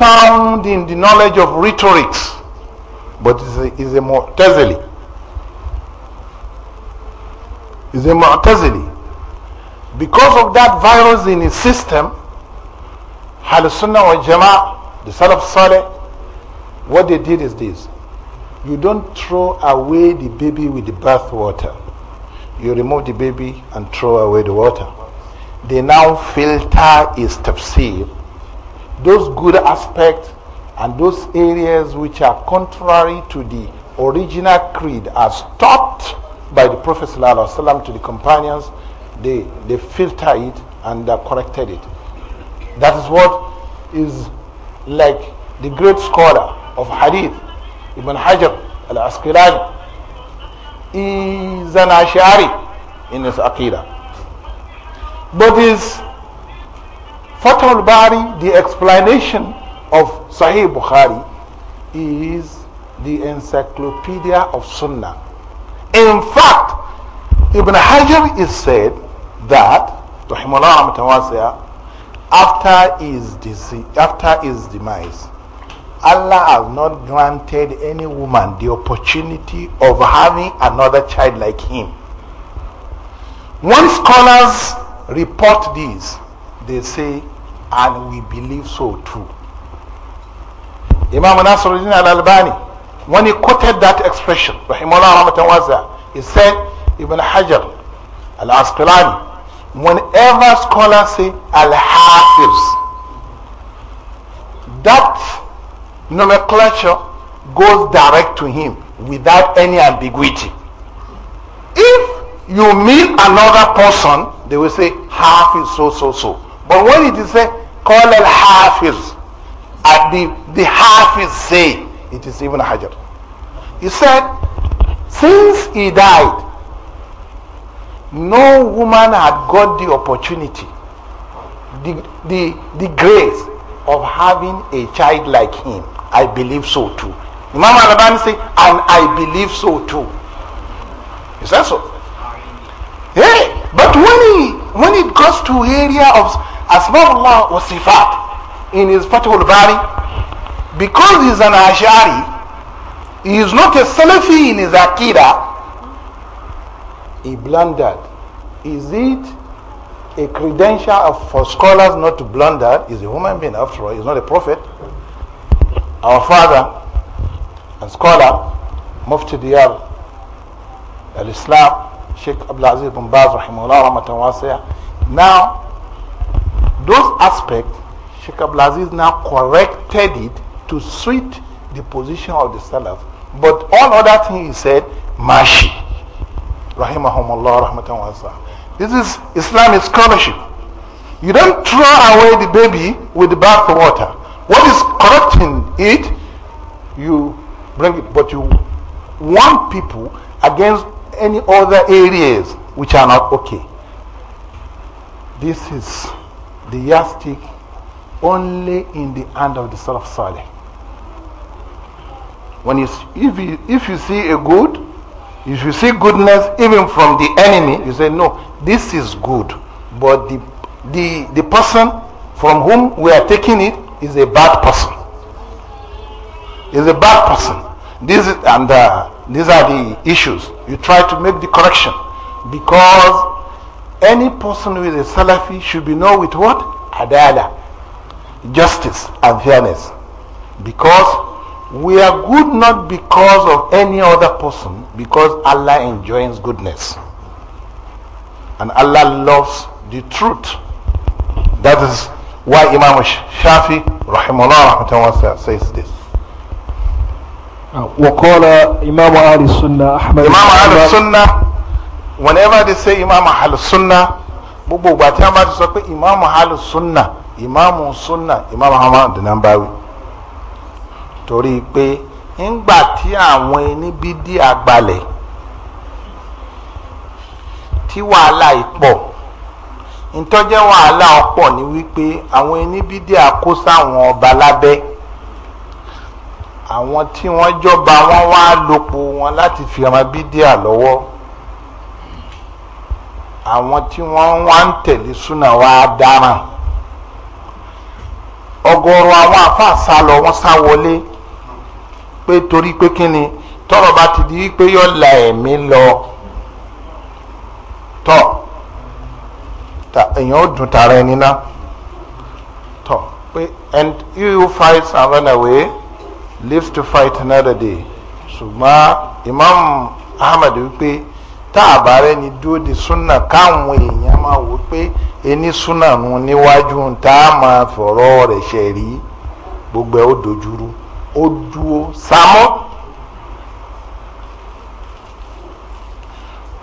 found in the knowledge of rhetorics, but is a, a Mu'tazili. Is a Mu'tazili. Because of that virus in his system, Al Sunnah wal Jama'ah, the Salaf Saleh, what they did is this. You don't throw away the baby with the bath water. You remove the baby and throw away the water. They now filter his tafsir those good aspects and those areas which are contrary to the original creed are stopped by the Prophet ﷺ to the companions. They, they filter it and corrected it. That is what is like the great scholar of Hadith, Ibn Hajar al-Asqalani. is an Ash'ari in his Aqidah. But his Fathul Bari, the explanation of Sahih Bukhari is the encyclopedia of Sunnah. In fact, Ibn Hajar is said that after his after his demise, Allah has not granted any woman the opportunity of having another child like him. One scholars report this they say, and we believe so too. Imam Nasruddin al-Albani, when he quoted that expression, he said, Ibn Hajar al-Asqalani, whenever scholars say al-Hafiz, that nomenclature goes direct to him without any ambiguity. If you meet another person, they will say half is so, so, so. But when it is said, call al hafiz, at the, the hafiz say, it is even a Hajar. He said, since he died, no woman had got the opportunity, the, the, the grace of having a child like him. I believe so too. Imam Al-Albani say, and I believe so too. Is that so? Hey, but when he when it goes to area of Asma'ullah wa Sifat in his Fatihul Bari. Because he's an Ash'ari, he is not a Salafi in his Akira, he blundered. Is it a credential for scholars not to blunder? Is a human being after all, he's not a prophet. Our father and scholar, Mufti Diyar al-Islam, Sheikh Abdul Aziz bin Baz, rahimahullah, now those aspects, Sheikh Abdulaziz now corrected it to suit the position of the Salaf. But all other things he said, Mashi. Rahimahumullah rahmatan wa This is Islamic scholarship. You don't throw away the baby with the bathwater. What is correcting it, you bring it. But you warn people against any other areas which are not okay. This is the yardstick only in the hand of the Salaf Saleh. When you, if, you, if you see a good, if you see goodness even from the enemy, you say, no, this is good. But the, the, the person from whom we are taking it is a bad person. Is a bad person. This is, and uh, these are the issues. You try to make the correction because any person who is a Salafi should be known with what? Adala. Justice and fairness. Because we are good not because of any other person, because Allah enjoins goodness. And Allah loves the truth. That is why Imam Shafi rahimahullah says this. وقال إمام أهل السنة أحمد إمام أهل السنة whenever they say imam ahalusunna gbogbo ìgbà tí wọn bá ti sọ pé imam ahalusunna imam sunna imam ahmad nàbàwí torí pé ńgbà tí àwọn ẹnibídí àgbàlẹ̀ tí wàhálà ìpọ̀ ntọ́jẹ́ wàhálà ọ̀pọ̀ ni wípé àwọn ẹnibídí àkó sáwọn ọba lábẹ́ àwọn tí wọ́n jọba wọ́n wá lòpọ̀ wọn láti fi ọmọ bídíà lọ́wọ́ àwọn tí wọ́n wá ń tẹ̀lé súnà wá dáràn ọ̀gọ̀rọ̀ àwọn àfáà sá lọ wọ́n sá wọlé pé torí pé kí ni tọ́rọ̀ bá ti di pé yọ la ẹ̀mí lọ tọ èèyàn ó dùn tara ẹni náà tọ pé and you who fights and away lives to fight another day ṣùgbọ́n Imam Ahmad wípé. tá a bá rẹ ni dúró de súnà káwọn èèyàn máa wò pé ení súnà nu níwájú tá a máa fọ̀rọ̀ rẹ̀ rí gbogbo ẹ̀ ó dojúrú ó dúró sámọ́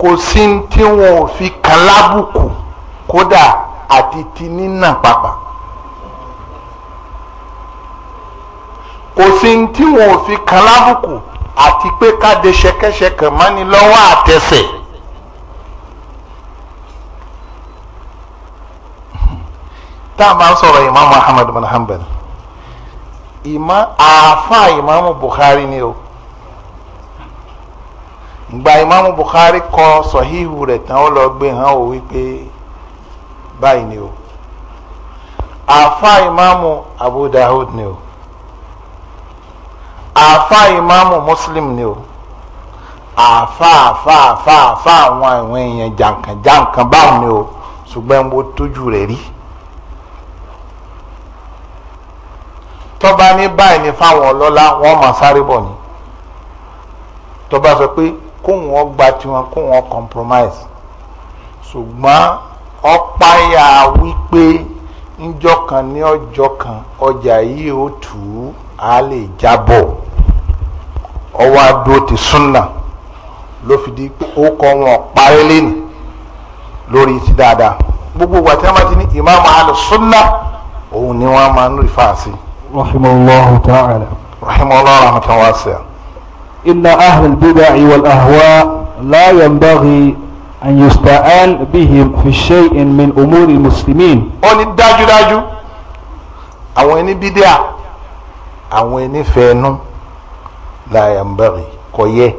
kò sí tí wọn ò fi kan lábùkù kódà àti ti nínà pàpà kò sí tí wọn ò fi kan lábùkù àti pé káde ṣẹkẹṣẹkẹ mọ́ni lọ́wọ́ àtẹsẹ̀. tá a máa ń sọ̀rọ̀ imaamu ahmed bin hanbal ima àáfà imaamu bukhari ni o gba imaamu bukhari kọ sọ̀híhù rẹ̀ tán ó lọ gbé hàn ó wípé báyìí ni o àáfà imaamu abu dahud ni o àfa ìmáàmù muslim ni o àfa àfa àfa àfa àwọn àwọn èèyàn jàǹkàn jàǹkàn báwọn ni o ṣùgbọ́n mo tójú rẹ̀ rí tọ́ba ní báyìí ni fáwọn ọlọ́lá wọ́n máa sáré bọ̀ ni tọ́ba sọ pé kóhun ọgbà tiwọn kóhun ọ compromise ṣùgbọ́n ọ̀páyà wípé ńjọ́ kan ní ọjọ́ kan ọjà yìí ó tù ú á lè jábọ̀ ọwọ́ adó ti súnà ló fi di pé ó kọ́ wọn parí lẹ́nu lórí ti dáadáa gbogbo ìgbà tí wọ́n bá ti ní ìmáàmù àlù súnà òun ni wọ́n máa ń rí fàásì. rahimahullah ta'ala. rahimahullah rahmatan wasi'a. inna ahlul bid'ah wal ahwa la yanbaghi an yusta'an bihim fi shay'in min umuri muslimin. ó ní dájúdájú àwọn ẹni bídíà àwọn ẹni fẹ́ẹ́ nú. No la yanbaghi kò yẹ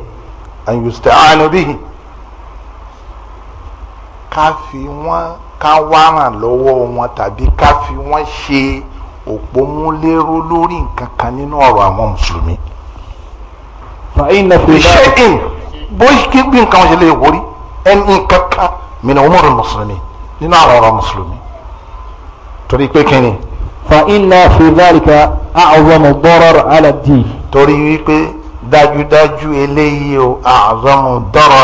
an yusta'anu bihi ká fi wọ́n ká wárán lọ́wọ́ wọn tàbí ká fi wọ́n ṣe òpómúléró lórí nǹkan kan nínú ọ̀rọ̀ àwọn mùsùlùmí. iṣẹ́ in bóyá kí bí nǹkan ṣe lè wọrí ẹni nǹkan kan mìíràn ọmọdé mùsùlùmí nínú àwọn ọ̀rọ̀ mùsùlùmí. torí pé kí ni. fa inna fi dhalika a'zamu darar ala ad-din. torí wípé dájúdájú eléyìí o àzọmù dọrọ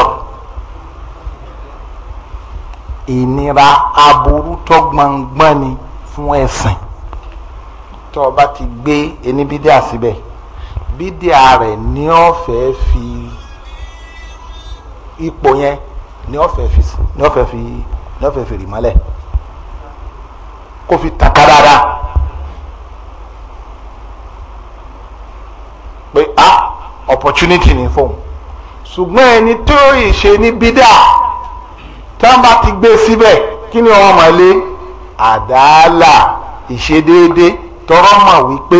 ìnira aburú tó gbọngbọn ni fún ẹsìn tó o bá ti gbé ẹni bídíà síbẹ̀ bídíà rẹ̀ ní ọ̀fẹ́ fi ipò yẹn ní ọ̀fẹ́ fi ní ọ̀fẹ́ fi ní ọ̀fẹ́ fi rì mọ́lẹ̀ kó fi tàkà dáadáa pé a. Ah, opportunity ní fóun ṣùgbọ́n ẹni tó ìṣe ní bídà tí ti gbé e síbẹ̀ kí ni wọ́n máa lé àdáálà ìṣedéédé tọrọ mọ̀ wípé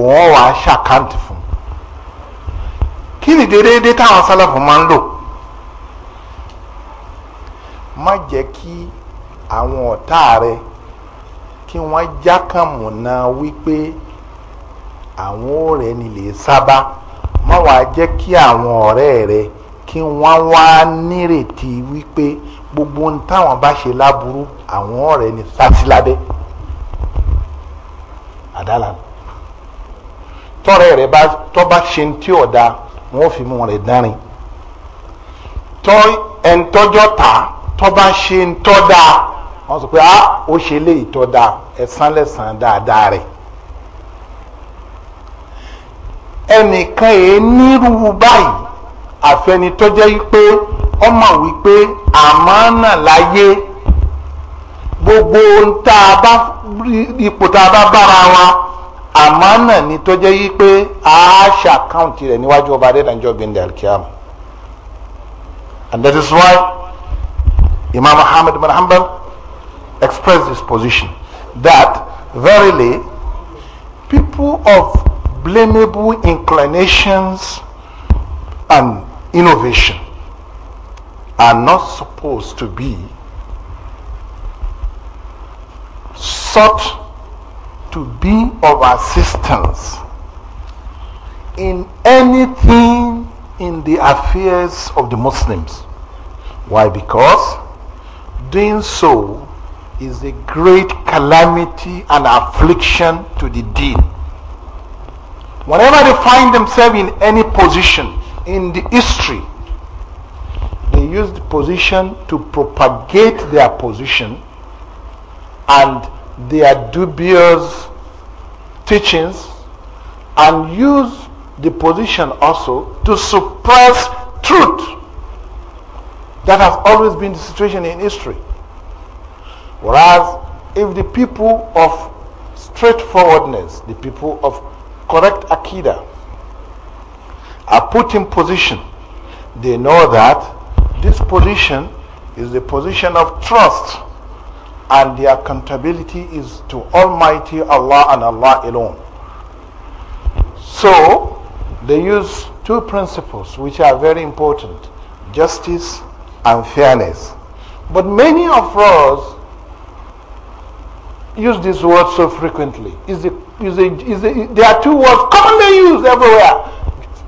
òun wà á ṣàkáǹtì fún kí ni déédéé táwọn sálàfù máa ń lò má jẹ́ kí àwọn ọ̀tá rẹ kí wọ́n jákàmùnà wípé àwọn ò rẹ̀ nílé sábà má wàá jẹ́ kí àwọn ọ̀rẹ́ rẹ kí wọ́n wá nírètí wípé gbogbo ohun táwọn bá ṣe láburú àwọn ọ̀rẹ́ ni sásílábẹ́ àdálà tọ́rẹ́ rẹ bá tọ́ bá ṣe ń tí ọ̀dà wọ́n fi mú rẹ̀ dánrin tọ́ ẹ̀ńtọ́jọ́ ta tọ́ bá ṣe ń tọ́ da wọ́n sọ pé ah, ó ṣe lé ìtọ́ da ẹ̀sán lẹ́sàn dáadáa rẹ̀. ẹnìkan èé nírú báyìí àfẹnitọ́jẹ́ wípé ọmọ wípé àmánà láyé gbogbo tá a bá ipò tá a bá bára wa àmánà ni tọ́jẹ́ wípé a ṣàkáǹtì rẹ̀ níwájú ọba adédàjọ́ bíndẹ̀ alkiyama and that is why Imam Ahmad bin Hanbal expressed his position that verily people of Blamable inclinations and innovation are not supposed to be sought to be of assistance in anything in the affairs of the Muslims. Why? Because doing so is a great calamity and affliction to the deen. Whenever they find themselves in any position in the history, they use the position to propagate their position and their dubious teachings and use the position also to suppress truth. That has always been the situation in history. Whereas if the people of straightforwardness, the people of correct akida are put in position, they know that this position is the position of trust and the accountability is to Almighty Allah and Allah alone. So they use two principles which are very important justice and fairness. But many of us use these words so frequently. Is the is a, is a, there are two words commonly used everywhere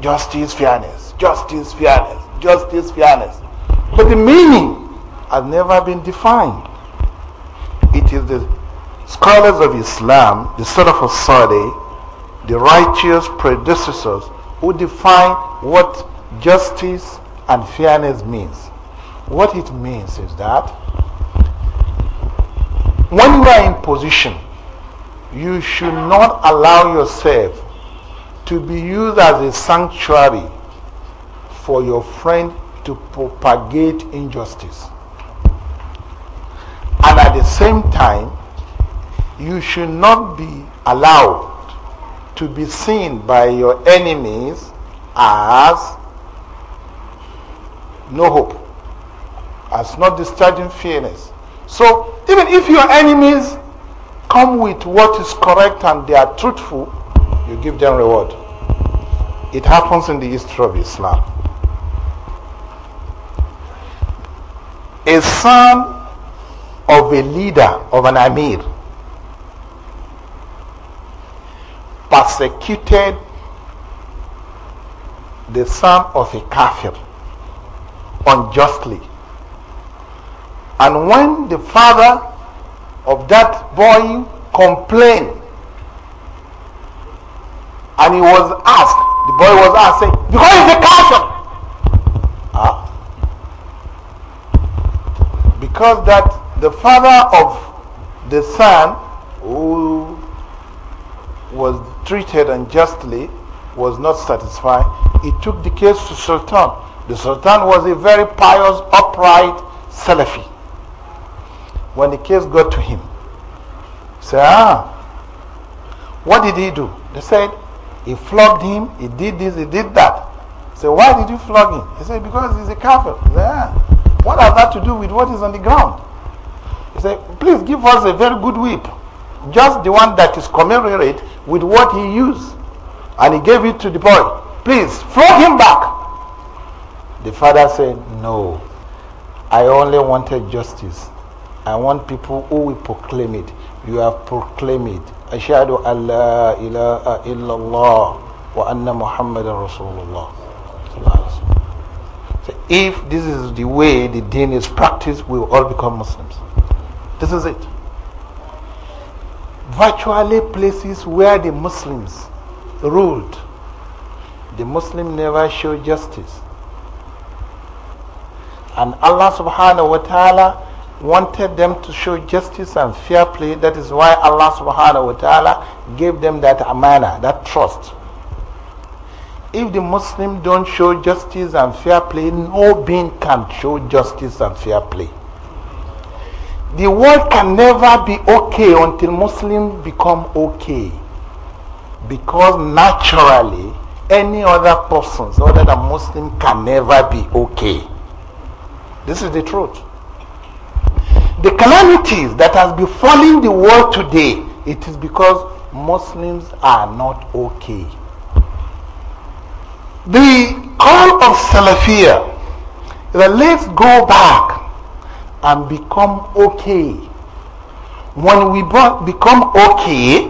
justice, fairness, justice, fairness, justice, fairness. But the meaning has never been defined. It is the scholars of Islam, the son of Saudi, the righteous predecessors who define what justice and fairness means. What it means is that when you are in position you should not allow yourself to be used as a sanctuary for your friend to propagate injustice. And at the same time, you should not be allowed to be seen by your enemies as no hope, as not discharging fairness. So even if your enemies come with what is correct and they are truthful, you give them reward. It happens in the history of Islam. A son of a leader, of an Amir, persecuted the son of a kafir unjustly. And when the father of that boy complained. And he was asked, the boy was asked, saying, because it's a Ah. Because that the father of the son who was treated unjustly was not satisfied. He took the case to Sultan. The Sultan was a very pious, upright Salafi. When the case got to him, said, ah, what did he do? They said, he flogged him, he did this, he did that. Say, why did you flog him? He said, because he's a kafir. Yeah. What has that to do with what is on the ground? He said, please give us a very good whip. Just the one that is commemorated with what he used. And he gave it to the boy. Please, flog him back. The father said, no. I only wanted justice. I want people who will proclaim it. You have proclaimed it. Ashadu an la ilaha illallah wa anna Muhammadan Rasulullah. So if this is the way the deen is practiced, we will all become Muslims. This is it. Virtually places where the Muslims ruled, the Muslim never showed justice. And Allah subhanahu wa ta'ala wanted them to show justice and fair play. That is why Allah subhanahu wa ta'ala gave them that amana, that trust. If the Muslims don't show justice and fair play, no being can show justice and fair play. The world can never be okay until Muslims become okay. Because naturally, any other persons other than Muslim can never be okay. This is the truth. The calamities that has befallen the world today, it is because Muslims are not okay. The call of Salafia that let's go back and become okay. When we become okay,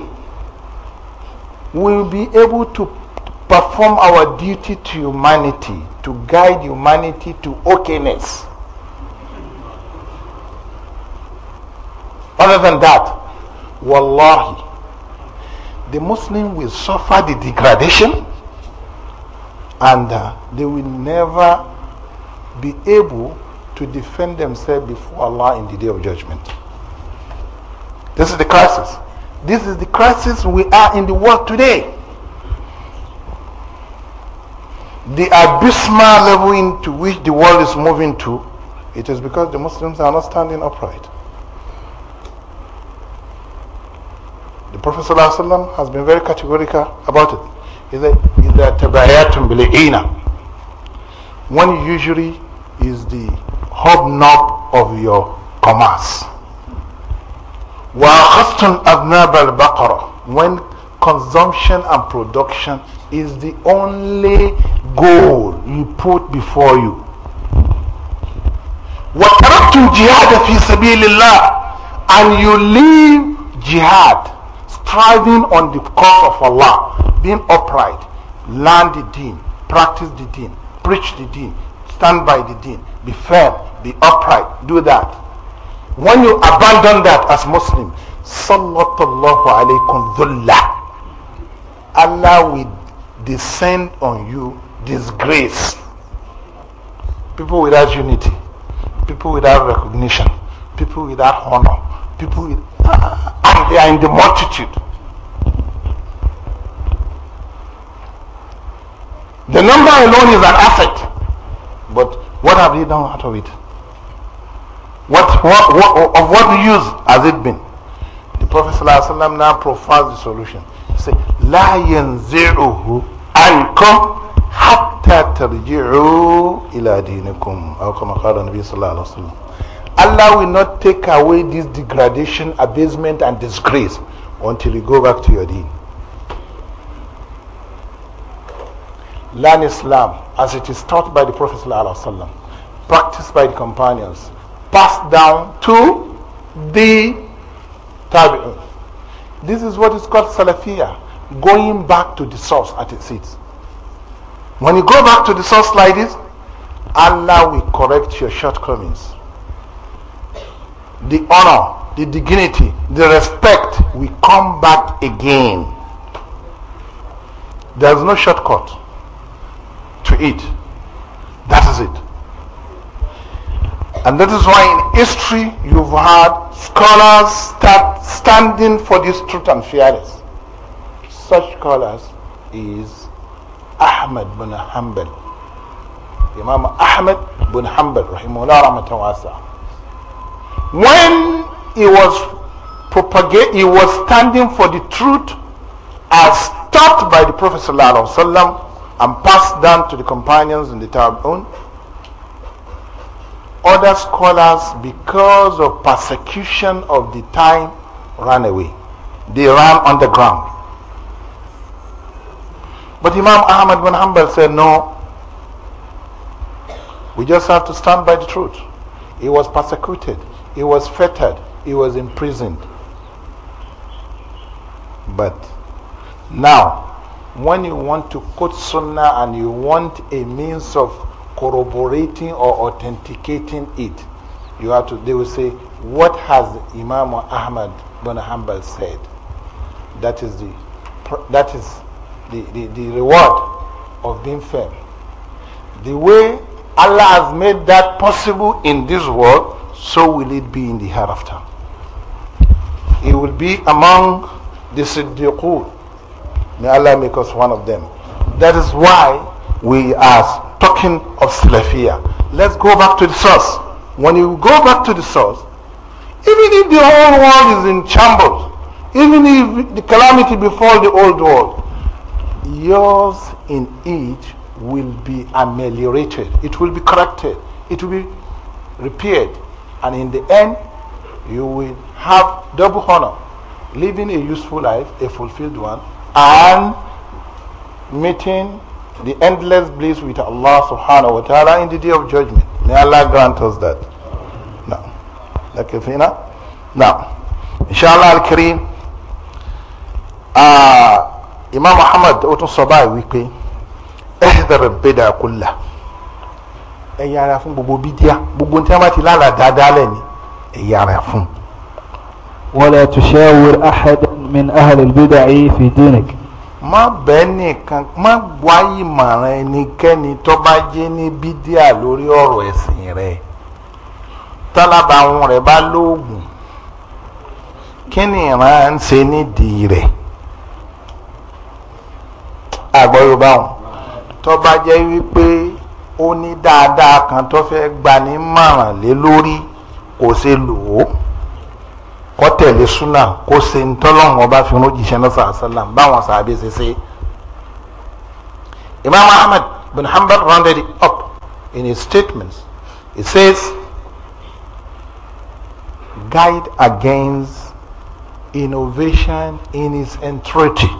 we'll be able to perform our duty to humanity, to guide humanity to okayness. Other than that, wallahi, the Muslim will suffer the degradation and uh, they will never be able to defend themselves before Allah in the day of judgment. This is the crisis. This is the crisis we are in the world today. The abysmal level into which the world is moving to, it is because the Muslims are not standing upright. The Prophet ﷺ has been very categorical about it. Is that tabayatun bil'ina? One usually is the hobnob of your commerce. وَأَخَذْتُمْ أَذْنَابَ الْبَقَرَ When consumption and production is the only goal you put before you. Wa جِهَادَ jihad fi اللَّهِ And you leave jihad striving on the cause of Allah, being upright, learn the deen, practice the deen, preach the deen, stand by the deen, be firm, be upright, do that. When you abandon that as Muslim, sallallahu alaykum dhullah, Allah will descend on you disgrace. People without unity, people without recognition, people without honor, people will, and they are in the multitude. The number alone is an asset. But what have they done out of it? What, what, what of what use has it been? The Prophet ﷺ now profiles the solution. He said, لا ينزعه عنكم حتى ترجعوا إلى دينكم أو كما قال النبي صلى الله عليه وسلم Allah will not take away this degradation, abasement, and disgrace until you go back to your deen. Learn Islam as it is taught by the Prophet ﷺ, practiced by the companions, passed down to the tabi'un. This is what is called Salafiyah, going back to the source at its seat. When you go back to the source like this, Allah will correct your shortcomings the honor, the dignity, the respect will come back again. There is no shortcut to it. That is it. And that is why in history you've had scholars start standing for this truth and fairness. Such scholars is Ahmed bin Hanbal. Imam Ahmed bin Hanbal, rahimahullah rahmatan wasa when he was propagate he was standing for the truth as taught by the prophet sallallahu and passed down to the companions in the Tabun. other scholars because of persecution of the time ran away they ran underground but imam ahmad bin hanbal said no we just have to stand by the truth he was persecuted he was fettered, he was imprisoned. But now, when you want to quote Sunnah and you want a means of corroborating or authenticating it, you have to, they will say, what has Imam Ahmad bin Hanbal said? That is the, that is the, the, the reward of being fair. The way Allah has made that possible in this world so will it be in the hereafter. It will be among the Siddiqun. May Allah make us one of them. That is why we are talking of Salafiyah. Let's go back to the source. When you go back to the source, even if the whole world is in shambles, even if the calamity befall the old world, yours in it will be ameliorated. It will be corrected. It will be repaired and in the end you will have double honor living a useful life a fulfilled one and meeting the endless bliss with Allah subhanahu wa ta'ala in the day of judgment may Allah grant us that now now, now. inshallah al-kareem uh, Imam Muhammad ó tún sọ báyìí wípé bẹ́dà kúlà ẹ yára fún gbogbo bídíà gbogbo tí wọn bá ti lálàá dáadáa lẹ́ni ẹ yára fún. wala tushawir ahadan min ahli al-bid'i fi dinik. má bẹ́ẹ̀ nìkan má wá ìmọ̀ràn ẹnikẹ́ni tó bá jẹ́ ní bídíà lórí ọ̀rọ̀ ẹ̀sìn rẹ̀ tálábà àwọn rẹ̀ bá lóògùn kí ni ìran ń ṣe nídìí rẹ̀ àgbọ̀ yorùbá tó bá jẹ́ wípé. Oni dada dáadáa kan tó fẹ́ gbani mọ̀ràn lé lórí kò ṣe lò ó kọ́ tẹ̀lé súnà kó ṣe ń tọ́lọ́run ọba fi rán jíṣẹ́ náà sàásàlà báwọn sàábé ṣe ṣe. Imam Ahmad bin Hanbal rounded it up in his statements he says guide against innovation in its entirety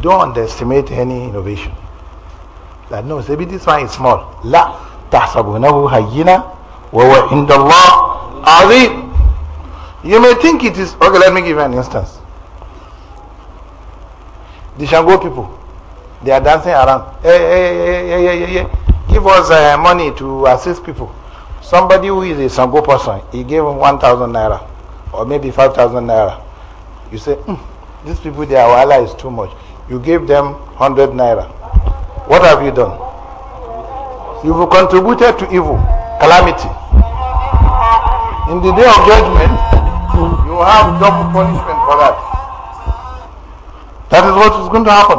don't underestimate any innovation. That no, maybe this one is small. لا تحسبونه هينا وهو عند الله عظيم. You may think it is okay. Let me give you an instance. The Shango people, they are dancing around. Hey, hey, hey, hey, hey, hey, hey. Give us uh, money to assist people. Somebody who is a Sango person, he gave him 1,000 naira or maybe 5,000 naira. You say, mm, these people, their wala is too much. You give them 100 naira what have you done? You've contributed to evil, calamity. In the day of judgment, you have double punishment for that. That is what is going to happen.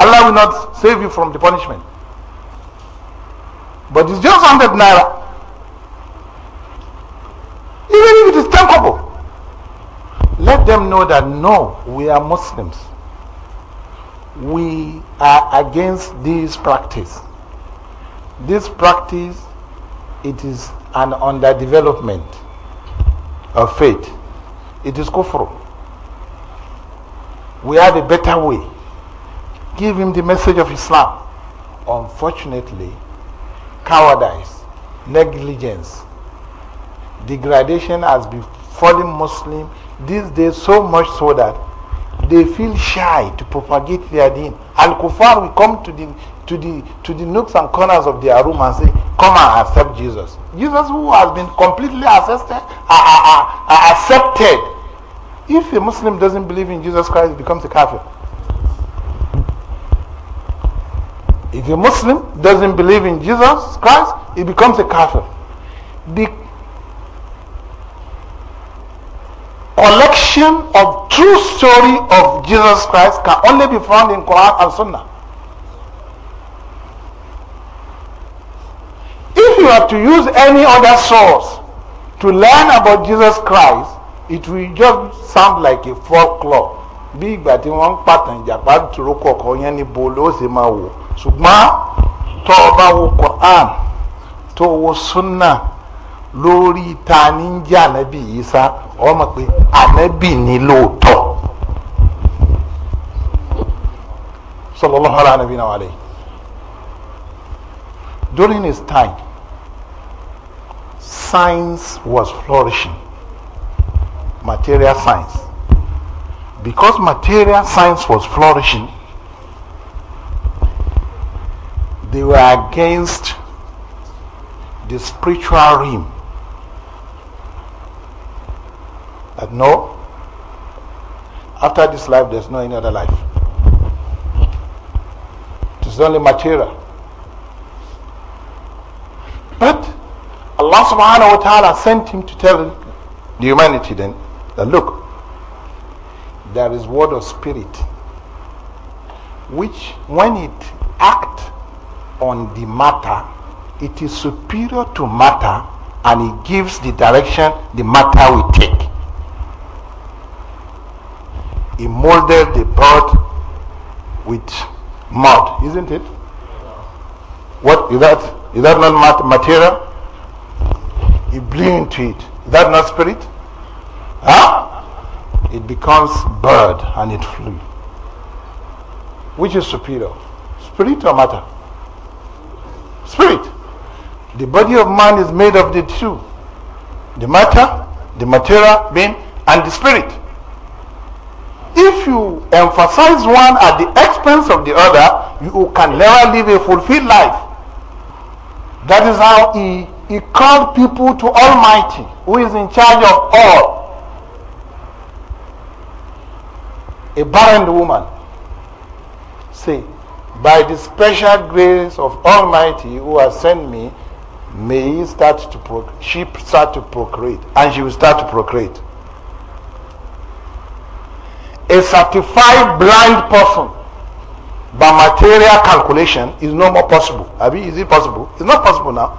Allah will not save you from the punishment. But it's just 100 naira. Even if it is tankable, let them know that no, we are Muslims we are against this practice. This practice, it is an underdevelopment of faith. It is kufr. We have a better way. Give him the message of Islam. Unfortunately, cowardice, negligence, degradation has befallen Muslim these days so much so that they feel shy to propagate their deen. Al Kufar will come to the to the to the nooks and corners of their room and say, "Come and accept Jesus." Jesus, who has been completely accepted, uh, uh, uh, uh, accepted. If a Muslim doesn't believe in Jesus Christ, becomes a kafir. If a Muslim doesn't believe in Jesus Christ, he becomes a kafir. The collection of true story of Jesus Christ can only be found in Quran and Sunnah. If you are to use any other source to learn about Jesus Christ, it will just sound like a folklore. Big but in one pattern, pàtàn ìjàpá tòró kọ̀ọ̀kan yẹn ni bo ló ṣe Quran tó Sunnah lórí ta ni ń jẹ́ ọmọ pé ni lóòótọ́ wa during his time science was flourishing material science because material science was flourishing they were against the spiritual realm No. After this life, there's no any other life. It is only material. But Allah subhanahu wa ta'ala sent him to tell the humanity then that look, there is word of spirit which when it acts on the matter, it is superior to matter and it gives the direction the matter will take he molded the pot with mud, isn't it? What is that? Is that not mat material? He blew into it. Is that not spirit? Huh? It becomes bird and it flew. Which is superior? Spirit or matter? Spirit. The body of man is made of the two. The matter, the material being, and the spirit if you emphasize one at the expense of the other, you can never live a fulfilled life. That is how he, he called people to Almighty, who is in charge of all. A barren woman. Say, by the special grace of Almighty who has sent me, may he start to she start to procreate, and she will start to procreate a certified blind person by material calculation is no more possible. I mean, is it possible? It's not possible now.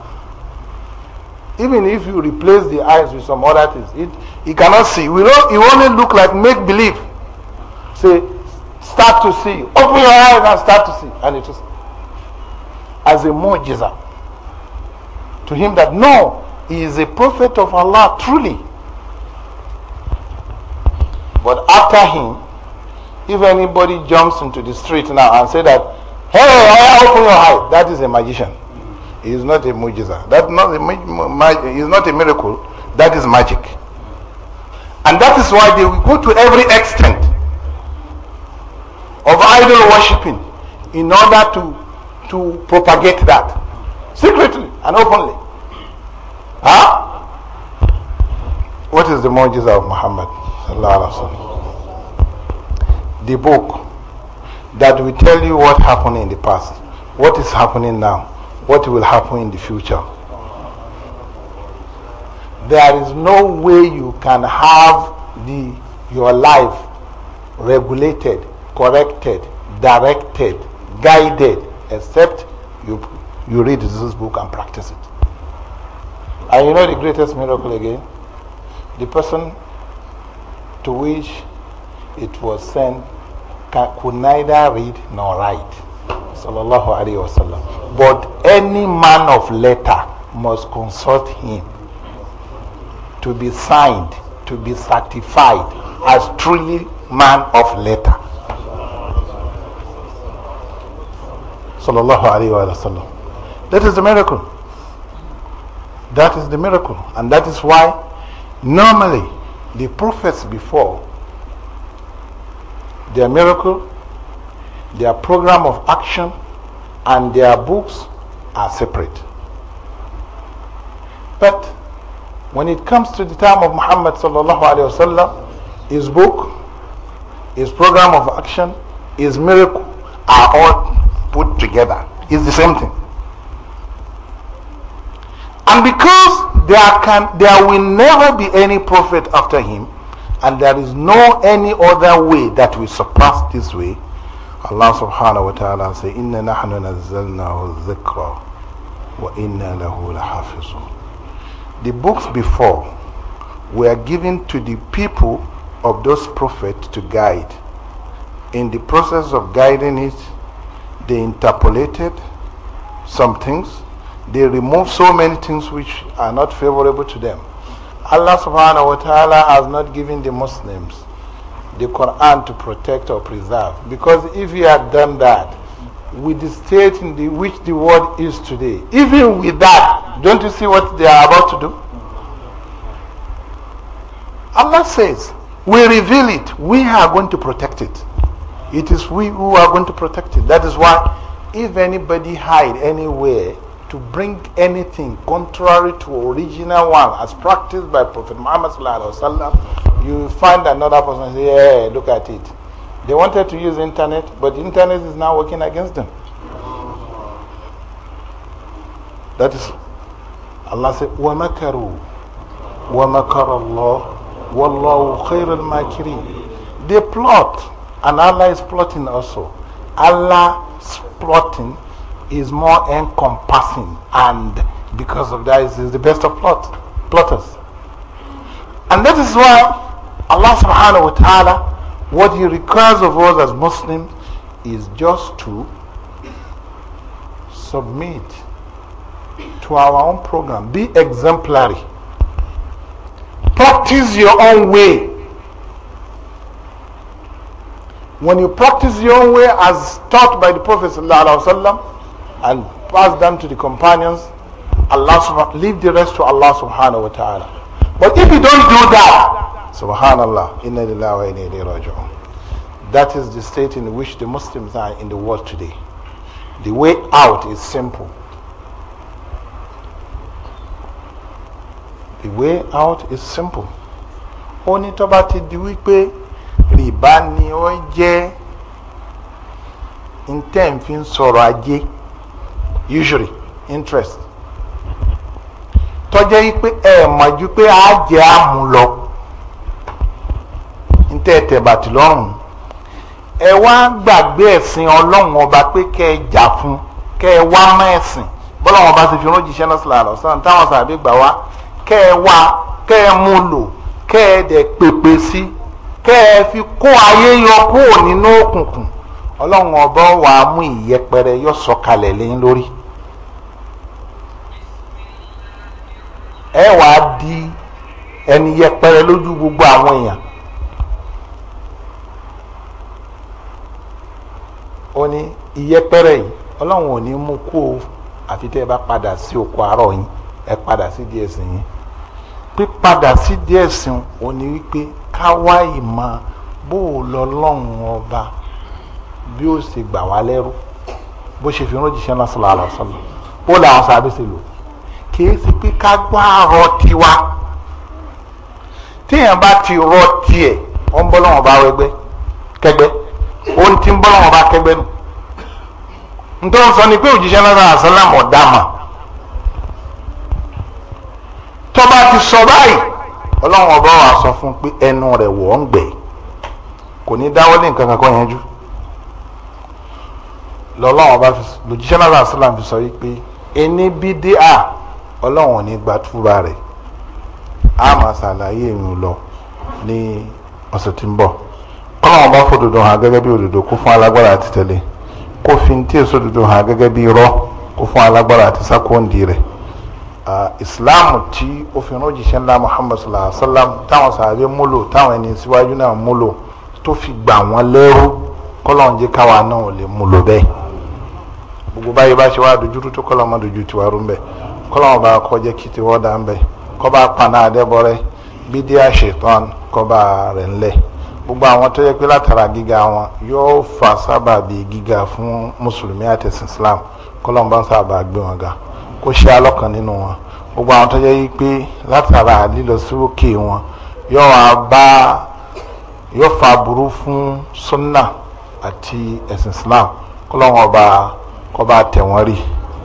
Even if you replace the eyes with some other things, it he cannot see. We don't, only look like make believe. Say, start to see. Open your eyes and start to see. And it is as a mojiza. to him that no, he is a prophet of Allah truly. But after him, if anybody jumps into the street now and say that, hey, I open your eye," that is a magician. He not a mujiza. not a mag- That is not a miracle. That is magic. And that is why they will go to every extent of idol worshipping in order to, to propagate that secretly and openly. Huh? What is the mujiza of Muhammad? the book that will tell you what happened in the past, what is happening now, what will happen in the future. There is no way you can have the, your life regulated, corrected, directed, guided, except you, you read this book and practice it. And you know the greatest miracle again? The person to which it was sent could neither read nor write. Sallallahu Wasallam. But any man of letter must consult him to be signed, to be certified as truly man of letter. Sallallahu Alaihi Wasallam. That is the miracle. That is the miracle. And that is why normally the prophets before their miracle, their program of action, and their books are separate. But when it comes to the time of Muhammad sallallahu alaihi wasallam, his book, his program of action, his miracle are all put together. It's the same thing. And because there can there will never be any prophet after him, and there is no any other way that we surpass this way Allah subhanahu wa ta'ala say inna nahnu dhikra wa inna lahu lahafizun the books before were given to the people of those prophets to guide in the process of guiding it they interpolated some things they removed so many things which are not favorable to them Allah subhanahu wa ta'ala has not given the Muslims the Quran to protect or preserve. Because if he had done that, with the state in the, which the world is today, even with that, don't you see what they are about to do? Allah says, we reveal it, we are going to protect it. It is we who are going to protect it. That is why if anybody hide anywhere to bring anything contrary to original one as practiced by Prophet Muhammad sallam, you find another person say, yeah, look at it. They wanted to use internet, but internet is now working against them. That is, Allah said, وَمَكَرُوا وَمَكَرَ اللَّهُ وَاللَّهُ خَيْرُ الْمَاكِرِينَ They plot, and Allah is plotting also. Allah is plotting is more encompassing and because of that is the best of plot plotters and that is why Allah subhanahu wa ta'ala what he requires of us as Muslims is just to submit to our own program be exemplary practice your own way when you practice your own way as taught by the Prophet sallallahu alaihi wasallam and pass them to the companions. Allah leave the rest to Allah subhanahu wa ta'ala. But if you don't do that, subhanallah, inna lillahi wa inna ilayhi That is the state in which the Muslims are in the world today. The way out is simple. The way out is simple. Ó tó ti rìbá ni ó sọ̀rọ̀ ajé. usury interest tọ́jẹ́ yí pé ẹ mọ̀jú pé á jẹ́ àmú lọ ní tẹ́tẹ́ bàtì lọ́rùn ẹ wá gbàgbé ẹ̀sìn ọlọ́run ọba pé kẹ́ ẹ jà fún kẹ́ ẹ wá mọ́ ẹ̀sìn bọ́lá wọn bá ti fi ránjíṣẹ́ náà sílẹ̀ àlọ́sàn táwọn sàbí gbà wá kẹ́ ẹ wá kẹ́ ẹ mú lò kẹ́ ẹ dẹ̀ pèpè sí kẹ́ ẹ fi kó ayé yọ kúrò nínú òkùnkùn ọlọ́run ọba wà á mú ìyẹpẹrẹ yóò sọ̀kalẹ̀ lẹ́yìn lórí ẹ wà á di ẹni yẹpẹrẹ lójú gbogbo àwọn èèyàn ó ní ìyẹpẹrẹ yìí ọlọ́run ò ní mú kú o àfi tẹ́ ẹ bá padà sí oko àárọ̀ yín ẹ padà sí díẹ̀ sí yín pípadà sí díẹ̀ sí òun wípé ká wá ìmọ̀ bó o lọ lọ́run ọba bí ó ṣe gbà wá lẹ́rú bó ṣe fi ránṣẹ́ náà sọ̀rọ̀ àlọ́ sọ̀rọ̀ ó làwọn sábẹ́ ṣe lò kìí sí pé ká gbọ́ àrọ̀ tiwa téèyàn bá ti rọ tiẹ̀ ó ń bọ́lọ́wọ́n bá wẹgbẹ́ kẹgbẹ́ ó ti ń bọ́lọ́wọ́n bá kẹgbẹ́ nù nítorí sọ ni pé òjíṣẹ́ náà sọ̀rọ̀ àṣálàmù ọ̀dà mọ̀ tọ́ba ti sọ báyìí ọlọ́run ọba wa sọ fún pé ẹnu rẹ̀ wọ̀ ń gbẹ̀ kò ní dáwọ́lé nǹkan kankan yẹn jù lọ́lọ́wọ́n bá fi lòjíṣẹ́ náà sàlám fi sọ wípé ẹni bídíà ọlọ́wọ́n ní gbàtúbà rẹ̀ á máa ṣàlàyé ìrìn lọ ní ọ̀sẹ̀ tí ń bọ̀ kọ́lọ́wọ́n bá fòdodo hàn gẹ́gẹ́ bí òdodo kó fún alágbára àti tẹ̀lé kó fi tí èso òdodo hàn gẹ́gẹ́ bí irọ́ kó fún alágbára àti sákóńdì rẹ̀ islam tí ó fi rán òjíṣẹ́ ńlá muhammad sallallahu alayhi wa sallam táwọn sàbẹ̀ múlò táwọn ẹni síwájú náà múlò tó fi gbà wọ́n lẹ́rú kọ́lọ́run káwa náà lè mú bẹ́ẹ̀ gbogbo báyìí bá ṣe wá dojúrú tó kọ́ lọ́mọ dojú tiwa rú mbẹ́ kọ́ lọ́mọ bá kọ́ jẹ́ kí tiwọ́ dá mbẹ́ kọ́ bá paná adẹ́bọ́rẹ́ bídí àṣetán kọ́ bá rẹ̀ ńlẹ̀ gbogbo àwọn tó yẹ pé látara gíga wọn yóò fa sábàbí gíga fún mùsùlùmí àtẹ̀sìn Islam kọ́ lọ́mọ bá ń sábà gbé wọn ga kó ṣe alọ́kàn nínú wọn gbogbo àwọn tó yẹ pé látara lílọ sírókè wọn yóò bá yóò fa burú fún sunna àti ẹ̀sìn Islam kọ́ lọ́mọ kọ́ bá tẹ̀ wọ́n rí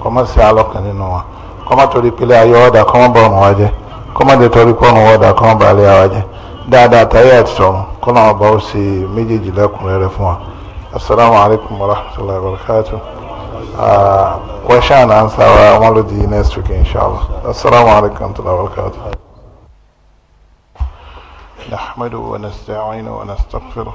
kọ́ mọ́ sí alọ́kàn nínú wọn kọ́ mọ́ torí pé ayé ọ̀dà kọ́ mọ́ bọ̀ ọ̀run wa jẹ́ kọ́ mọ́ dé torí pọ́nrún ọ̀dà kọ́ mọ́ bá alẹ́ wa jẹ́ dáadáa táyé àti sọ̀rọ̀ kọ́ náà bá ó ṣe méjèèjì lẹ́kùnrẹ́rẹ́ fún wa asalaamualeykum wa rahmatulahi wa barakatuh. Uh, question and answer uh, one of the next week inshallah assalamu alaikum wa barakatuh نحمده ونستعينه ونستغفره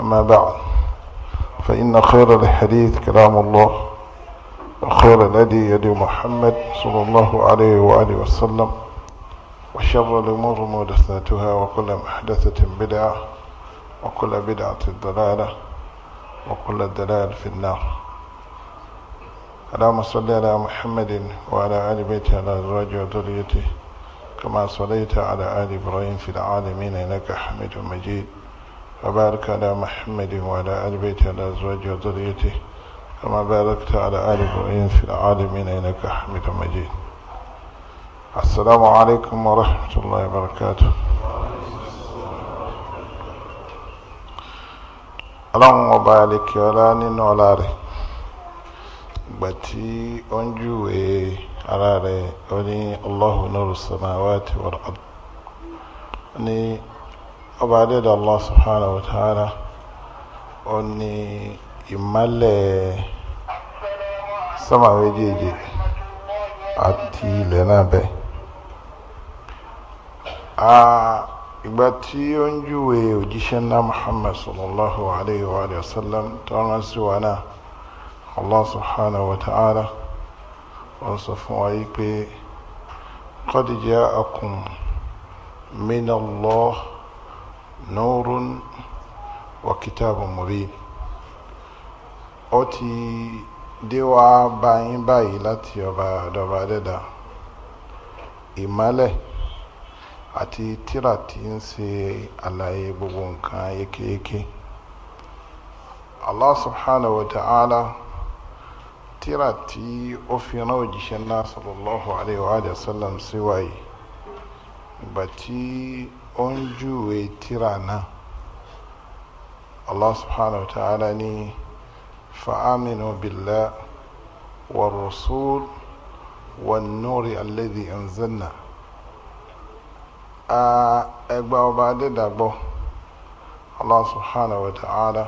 أما بعد فإن خير الحديث كلام الله وخير الذي يد محمد صلى الله عليه وآله وسلم وشر الأمور محدثاتها وكل محدثة بدعة وكل بدعة ضلالة وكل الدلال في النار اللهم صل على محمد وعلى آل بيته على أزواجه وذريته كما صليت على آل إبراهيم في العالمين إنك حميد مجيد وبارك على محمد وعلى آل بيته وعلى أزواجه وذريته كما باركت على آل إبراهيم في العالمين إنك حميد مجيد السلام عليكم ورحمة الله وبركاته اللهم ọba على نين ولا ري بتي ìgbà على ري أني الله نور السماوات والأرض أني ọba adẹ́dà Allah subhanahu wa ta'ala ó ní ìmálẹ̀ sọ́mà méjèèjì àti ilẹ̀ náà bẹ́ẹ̀. ìgbà tí ó ń júwe òjíṣẹ́ ńlá Muhammad sallallahu alayhi wa sallam tó sí wa náà Allah subhanahu wa ta'ala ó sọ fún wa yí pé qad ja'akum min Allah. نور وكتاب مريب ó ti dé wá báyìí báyìí láti ọba àdọba dẹ́dà ìmọ́lẹ̀ àti tíra tí ń ṣe àlàyé gbogbo nǹkan yékéyéké Allah subhanahu wa ta'ala tíra tí ó fi rán òjíṣẹ́ náà sallallahu alayhi wa sallam síwáyé ìgbà tí ó ń júwe tírà náà allah subhanahu wa ta'ala ní fa'aminu billah wa rasul wa nuri alladhi anzalna ẹgbà ọba adédàgbọ́ allah subhanahu wa ta'ala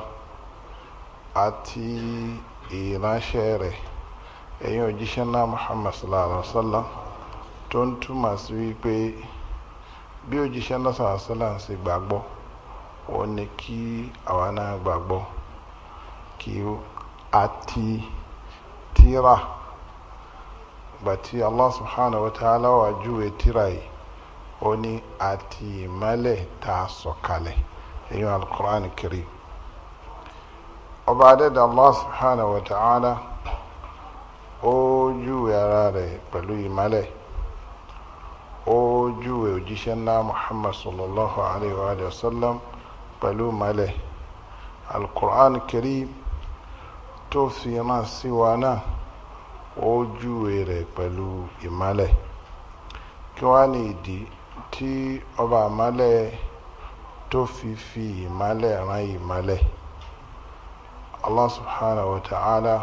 àti ìránṣẹ́ rẹ̀ ẹ̀yin òjíṣẹ́ náà muhammad sallallahu alaihi wa tó ń túmọ̀ sí wípé bí òjíṣẹ́ lọ́sàn àṣálà ń ṣe gbàgbọ́ ó ní kí àwa náà gbàgbọ́ kí àti tíra gbàtí Allah subhanahu wa ta'ala wà júwe tíra yìí ó ní àti ìmọ́lẹ̀ tá a sọ̀kalẹ̀ èyí al-Qur'an ọba adẹ́dà Allah subhanahu wa ta'ala ó júwe ara rẹ̀ pẹ̀lú ìmọ́lẹ̀ ó júwe òjíṣẹ́ ńlá muhammad sallallahu alayhi wa sallam pẹ̀lú malẹ̀ alukur'an karim tó fi rán sí wa náà ó júwe rẹ̀ pẹ̀lú ìmálẹ̀ kí wá ní ìdí tí ọba àmálẹ̀ tó fi fi ìmálẹ̀ rán ìmálẹ̀ allah subhanahu wa ta'ala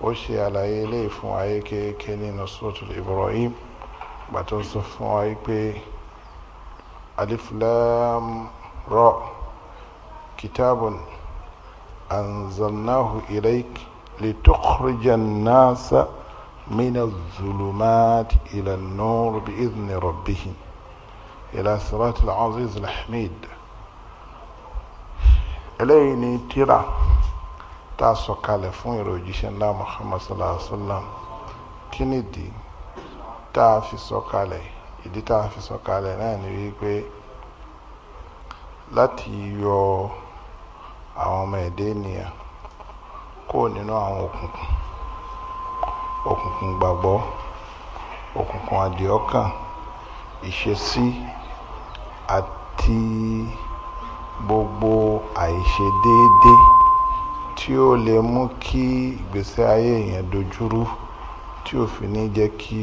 ó ṣe àlàyé ilé ìfún ayé kéèké nínú suratul ibrahim gbàtọ́ sọ fún wa pé alif lam ra kitabun anzalnahu ilayk litukhrijan nasa min az-zulumat ila an-nur bi'izni rabbihim ila siratil aziz al-hamid eléyìí ni tírà tá a sọ̀kalẹ̀ fún ìròjíṣẹ́ ńlá muhammad sallallahu alaihi wa sallam kí dìí tá a fi sọ̀kalẹ̀ ìdí tá fi náà ni wípé láti yọ àwọn ọmọ ẹ̀dẹ́ ènìyàn kó nínú àwọn òkùnkùn òkùnkùn gbàgbọ́ òkùnkùn àdìọ́kàn ìṣesí àti gbogbo àìṣe déédéé tí ó lè mú kí ìgbésí ayé èèyàn dojúrú tí ò fi ní jẹ́ kí.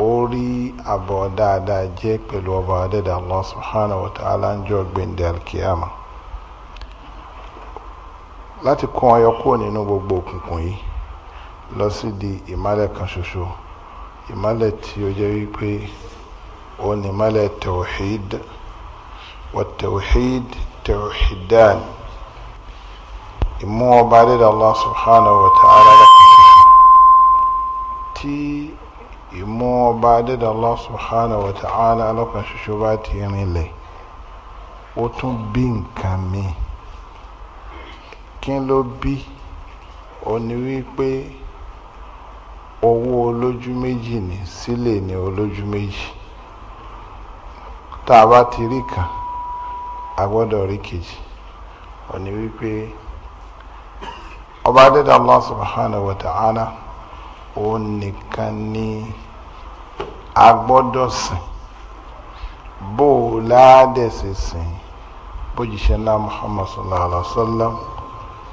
ó rí àbọ̀ dáadáa jẹ́ pẹ̀lú ọba adẹ́dàá Allah subhanahu wa ta'ala ń jọ gbẹ̀ndẹ̀ alkiyama láti kún ọyọ kúrò nínú gbogbo òkùnkùn yìí lọ sí di ìmálẹ̀ kan ṣoṣo ìmálẹ̀ tí ó jẹ́ wípé ó ní ìmálẹ̀ tawhid wa tawhid tawhidan ìmú ọba adẹ́dàá Allah subhanahu wa ta'ala lọ́kàn ṣoṣo tí ìmú ọba adẹ́dà Allah subhanahu wa ta'ala ọlọ́kan ṣoṣo bá ti rinlẹ̀ ó tún bí nǹkan mi kí ló bí ó ní wípé owó olójú méjì ni sílẹ̀ ní olójú méjì tá a bá ti rí kan a gbọ́dọ̀ rí kejì ó ní wípé ọba adẹ́dà Allah subhanahu òun nìkan ni a gbọ́dọ̀ sìn bó o láàdẹ̀sì sìn bójìṣẹ́ náà Muhammad sallallahu alaihi wa sallam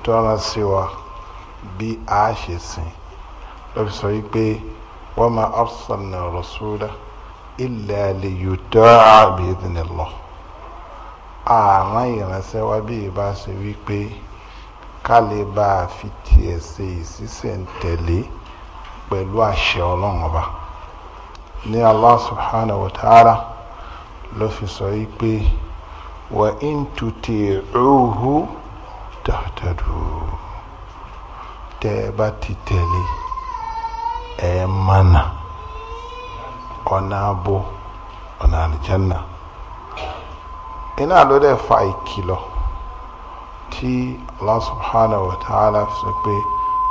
tọ́ra sí wa bí a ṣe sìn lọ́fi sọ wípé wa ma arsalna rasula illa liyuta'a bi idhnillah àrùn ìránṣẹ́ wa bí ìbá ṣe wípé ká lè bá a fi tiẹ̀ ṣe ìṣiṣẹ́ ń tẹ̀lé pẹ̀lú àṣẹ ọlọ́run ọba ní Allah subhanahu wa ta'ala ló fi sọ yí pé wa in tuti'uhu tahtadu tẹ́ ẹ bá ti tẹ̀lé ẹ mánà ọ̀nà abo ọ̀nà àlìjánà iná ló dẹ̀ fa ìkìlọ̀ tí Allah subhanahu wa ta'ala sọ pé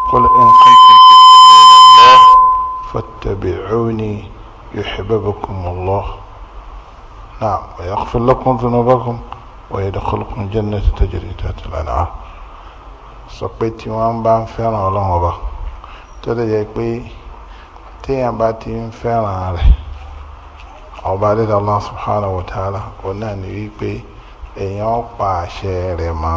qul in kuntum. فاتبعوني يحببكم الله نعم ويغفر لكم ذنوبكم ويدخلكم جنة تجري تحت الأنهار sọ pé tí wọ́n bá ń fẹ́ràn ọlọ́run ọba tó lè jẹ́ pé téèyàn bá ti ń fẹ́ràn rẹ̀ ọba dídá Allah subhanahu wa ta'ala òun náà wípé èèyàn pa àṣẹ rẹ̀ mọ́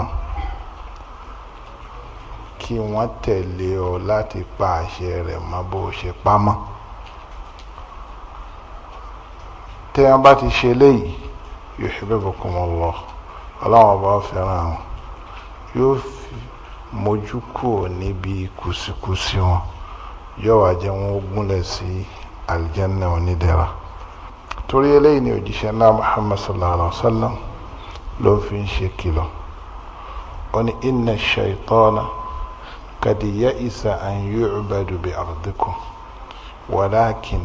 kí wọ́n tẹ̀lé ọ láti pa àṣẹ rẹ̀ mọ́ bó ṣe pamọ́ tẹ́ wọ́n bá ti ṣe léyìí yuhibbukumullah ọlọ́run ọba fẹ́ràn wọn yóò fi mójú kúrò níbi kùsìkùsì wọn yóò wá jẹ́ wọn gúnlẹ̀ sí aljanna onídẹ̀ra torí eléyìí ni òjíṣẹ́ náà muhammad sallallahu alaihi wa sallam ló fi ń ṣe kìlọ̀ ó inna shaytana. قد يئس أن يعبد بأرضكم ولكن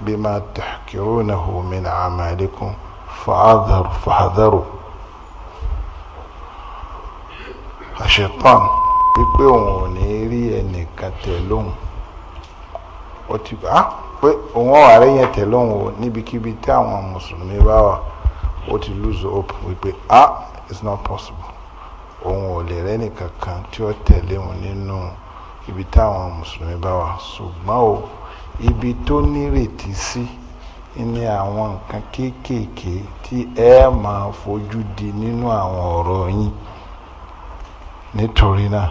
بما تحكرونه من أعمالكم فاحذروا فاحذروا الشيطان wípé òun ò ní rí ẹnìkan tẹ̀ lóhùn ó ti bá pé òun ọ̀rẹ́ àríyàn tẹ̀ lóhùn o níbikíbi tí àwọn mùsùlùmí bá wà ó ti lose hope wípé ah it's not possible òun ò lè rẹ́ni kankan tí ó tẹ̀lé òun nínú ibi táwọn mùsùlùmí bá wà ṣùgbọ́n o ibi tó nírètí sí ni àwọn nǹkan kéékèèké tí ẹ máa fojú di nínú àwọn ọ̀rọ̀ yín nítorí náà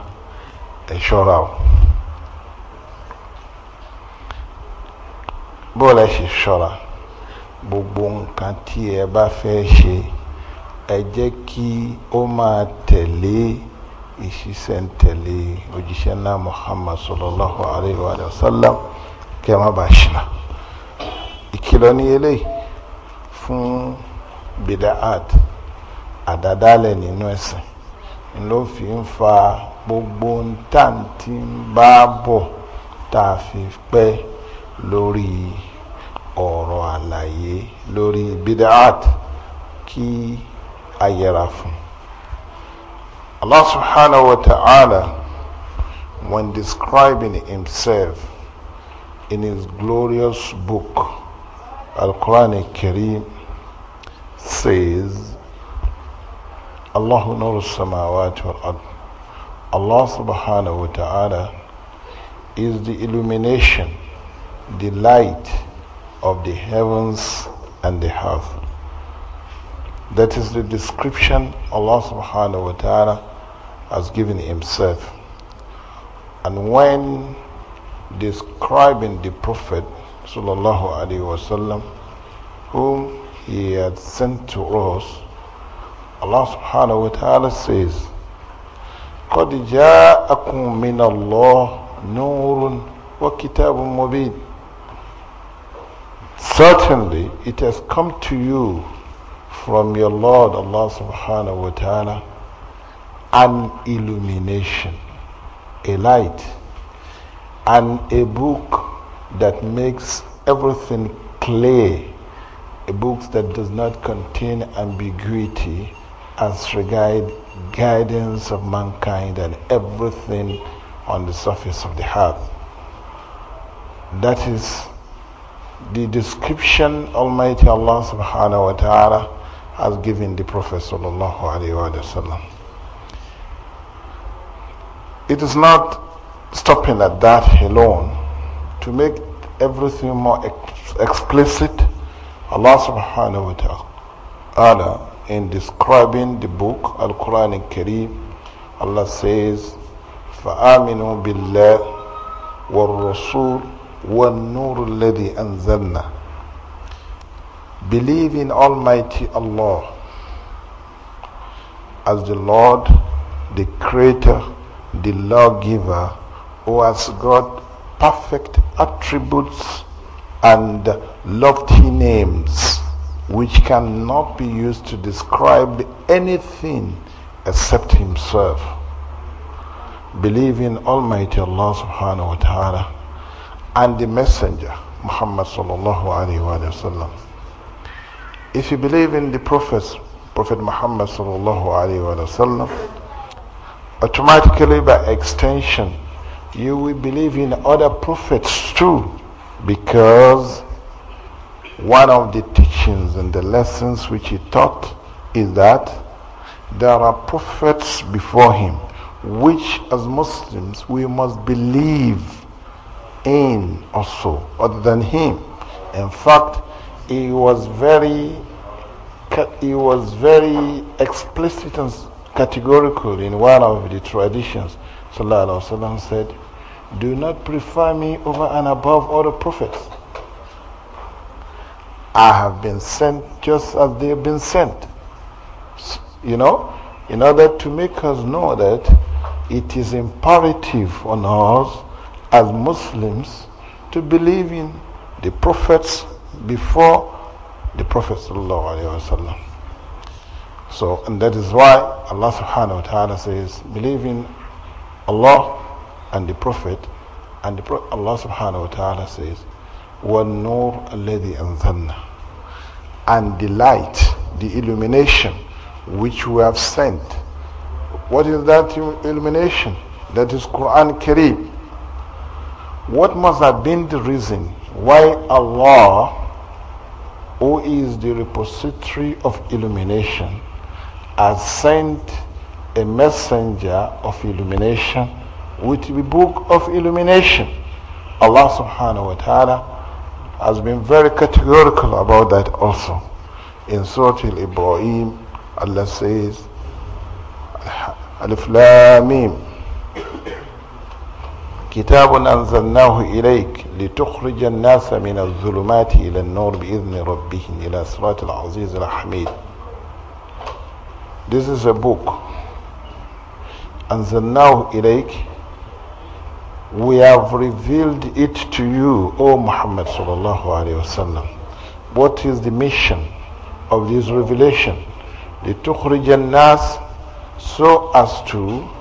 ẹ ṣọ́ra o. bó o lè ṣe ṣọ́ra gbogbo nǹkan tí ẹ bá fẹ́ ṣe ẹ jẹ́ kí ó máa tẹ̀lé ìṣiṣẹ́ntẹ̀lé òjíṣẹ́ náà Muhammad sallallahu alayhi wa sallam kí ẹ má bàa ṣìnà ìkìlọ̀ ní eléyìí fún bidaat àdádálẹ̀ nínú ẹ̀sìn ló fi ń fa gbogbo ntàǹtí ń bá bọ̀ tá a fi pẹ́ lórí ọ̀rọ̀ àlàyé lórí bidaat kí. Ki ayẹra fún Allah subhanahu wa ta'ala when describing himself in his glorious book Al-Quran Al-Karim says "Allahu nur samawati wal ard Allah subhanahu wa ta'ala is the illumination the light of the heavens and the earth that is the description Allah subhanahu wa ta'ala has given himself. And when describing the Prophet sallallahu alaihi wasallam, whom he had sent to us, Allah subhanahu wa ta'ala says, قد جاءكم من الله نور وكتاب مبين Certainly it has come to you from your Lord Allah subhanahu wa ta'ala an illumination, a light, and a book that makes everything clear, a book that does not contain ambiguity as regard guidance of mankind and everything on the surface of the earth. That is the description Almighty Allah subhanahu wa ta'ala has given the Prophet sallallahu alaihi wasallam. It is not stopping at that alone. To make everything more ex explicit, Allah subhanahu wa ta'ala in describing the book Al-Quran al-Kareem, Allah says, فَآمِنُوا بِاللَّهِ وَالرَّسُولِ وَالنُّورُ الَّذِي أَنزَلْنَا Believe in Almighty Allah as the Lord, the Creator, the Lawgiver, who has got perfect attributes and lofty names which cannot be used to describe anything except Himself. Believe in Almighty Allah subhanahu wa ta'ala and the Messenger Muhammad sallallahu alayhi wa sallam if you believe in the prophets, Prophet Muhammad sallallahu alaihi wasallam, automatically by extension, you will believe in other prophets too, because one of the teachings and the lessons which he taught is that there are prophets before him, which as Muslims we must believe in also, other than him. In fact, he was very he was very explicit and categorical in one of the traditions. Sallallahu Alaihi Wasallam said, Do not prefer me over and above other prophets. I have been sent just as they have been sent. You know, in order to make us know that it is imperative on us as Muslims to believe in the prophets before the Prophet wasallam. So, and that is why Allah subhanahu wa ta'ala says, "Believing, Allah and the Prophet, and the Pro Allah subhanahu wa ta'ala says, وَالنُّورُ الَّذِي أَنزَلْنَا And the light, the illumination, which we have sent. What is that illumination? That is Quran Kareem. What must have been the reason why Allah who is the repository of illumination, has sent a messenger of illumination with the book of illumination. Allah subhanahu wa ta'ala has been very categorical about that also. In Surah Al-Ibrahim, Allah says, Alif Lamim. كتاب أنزلناه إليك لتخرج الناس من الظلمات إلى النور بإذن ربهم إلى صراط العزيز الحميد This is a book أنزلناه إليك We have revealed it to you, O Muhammad صلى الله عليه وسلم What is the mission of this revelation? لتخرج الناس so as to